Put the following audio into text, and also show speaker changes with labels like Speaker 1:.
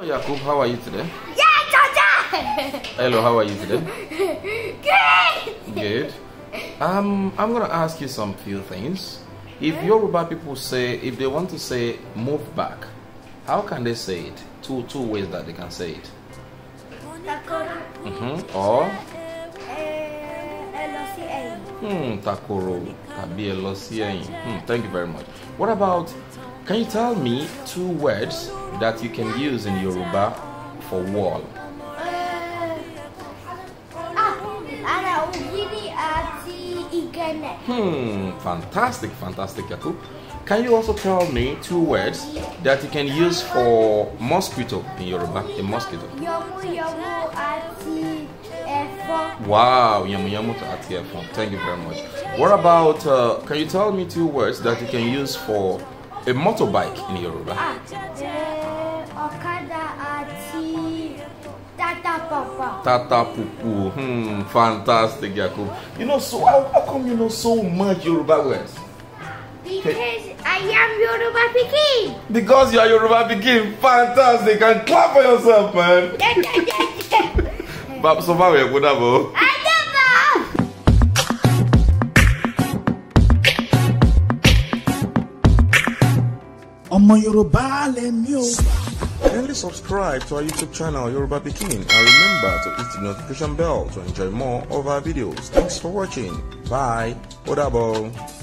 Speaker 1: Yakub. How are you today? Yeah, Jaja! Hello, how are you today? Good! Good. Um, I'm going to ask you some few things. If Yoruba people say, if they want to say move back, how can they say it? Two, two ways that they can say it. Mm -hmm. Or? Hmm, takoro, Hmm, thank you very much. What about, can you tell me two words that you can use in Yoruba for wall. Hmm, fantastic, fantastic, Yaku. Can you also tell me two words that you can use for mosquito in Yoruba? A mosquito. Wow, yamu yamu to ati efon. Thank you very much. What about, uh, can you tell me two words that you can use for a motorbike in Yoruba. Ah, tata papa. tata pupu hmm, fantastic Yakub you know so how, how come you know so much Yoruba words. because hey. I am Yoruba pikin. because you are Yoruba pikin fantastic and clap for yourself man. bàbá sọ fún àwọn ẹ̀kú dàbọ̀. ọmọ yorùbá lẹ́mí o. Kindly subscribe to our YouTube channel Yoruba Pikin and remember to hit the notification bell to enjoy more of our videos. Thanks for watching. Bye. Ó dàbọ̀.